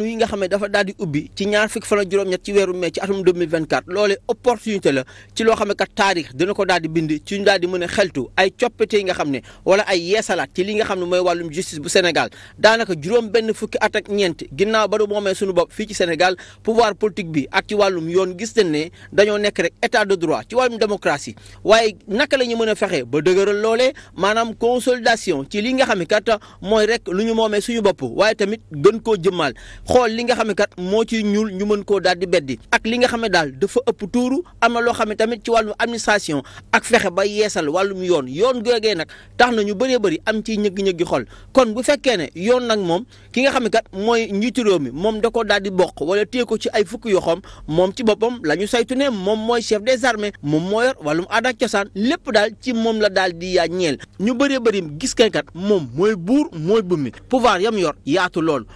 fànn yi nga xam ne dafa daal di ubbi ci ñaar fukki fan ak juróom-ñett ci weeru mai ci atum 2024 opportunité la ci loo xam ne kat taarix dina ko daal di bind ci ñu daal di mën a xeltu ay coppite yi nga xam ne wala ay yeesalaat ci li nga xam ne mooy wàllum justice bu Sénégal daanaka juróom benn fukki at ak ñeent ginnaaw ba du moomee suñu bopp fii ci Sénégal pouvoir bi ak ci wàllum yoon gis nañ ne dañoo nekk rek état de droit ci wàllum démocratie waaye naka la ñu mën a fexe ba dëgëral loolee maanaam consolidation ci li nga xam ne kat mooy rek lu ñu moomee suñu bopp waaye tamit gën koo jëmmaal xool li nga xam ne moo ci ñuul ñu mën koo daal di beddi ak li nga xam ne daal dafa ëpp tuuru am na loo xam ne tamit ci wàllum administration ak fexe ba yeesal wàllum yoon yoon googee nag tax na ñu bëree bëri am ci ñëgg-ñëggi xol kon bu fekkee ne yoon nag moom ki nga xam ne kat mooy njiitu réew mi moom da ko daal di bokk wala téye ko ci ay fukk yoxoom moom ci boppam lañu saytu ne moom mooy chef des armées moom moo yor wàllum aada cosaan lépp daal ci moom la daal di yaa ñu bëree bëri gis kañ moom mooy buur mooy bummi pouvoir yam yor yaatu loolu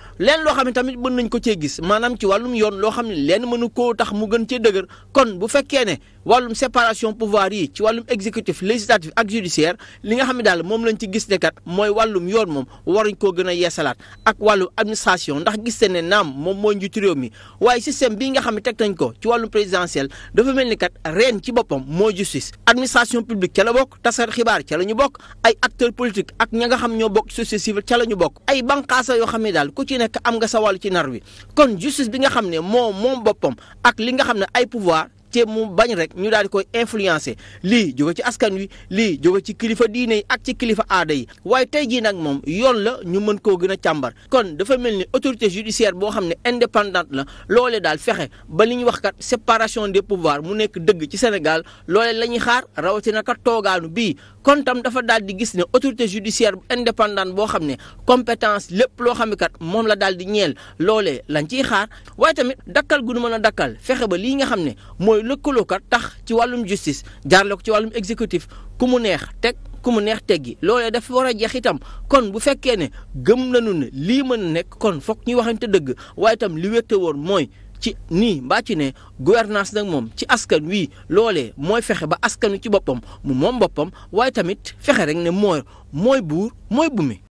mën nañ ko cee gis maanaam ci wàllum yoon loo xam ne lenn mënu koo tax mu gën cee dëgër kon bu fekkee ne wàllum séparation pouvoir yi ci wàllum exécutif législatif ak judiciaire li nga xam ne daal moom lañ ci gis ne kat mooy wàllum yoon moom waruñ ko gën a yeesalaat ak wàllum administration ndax gis ne naam moom mooy njiitu réew mi waaye système bii nga xam ne teg nañ ko ci wàllum présidentiel dafa mel ni kat reen ci boppam moo justice administration publique ca la bokk tasar xibaar ca la ñu bokk ay acteurs politiques ak xam ñoo bokk société ñu bokk ay banqaasa yoo xam ne daal ku nekk am nga sa wàll ci nar wi kon justice bi nga xam ne moom moom boppam ak li nga xam ne ay pouvoir te mu bañ rek ñu daal di koy influencer lii jóge ci askan wi lii jóge ci kilifa diine yi ak ci kilifa aada yi waaye tey jii nag moom yoon la ñu mën koo gën a càmbar kon dafa mel ni autorité judiciaire boo xam ne indépendante la loolee daal fexe ba li ñu wax kat séparation des pouvoirs mu nekk dëgg ci Sénégal loolee la ñuy xaar rawatina kat toogaanu bii kon tam dafa daal di gis ne autorité judiciaire indépendante boo xam ne compétence lépp loo xam ne kat moom la daal di ñeel loole lañ ciy xaar waaye tamit dakkal gu nu mën a dakkal fexe ba lii nga xam ne mooy lëkkaloo kat tax ci wàllum justice jaarale ko ci wàllum exécutif ku mu neex teg ku mu neex teggi loolee dafa war a jeex itam kon bu fekkee ne gëm nañu ne lii mën a nekk kon foog ñu waxante dëgg waaye itam li wétte woon mooy ci nii mbaa ci ne gouvernance nag moom ci askan wi loolee mooy fexe ba askan wi ci boppam mu moom boppam waaye tamit fexe rek ne mooy mooy buur mooy bumi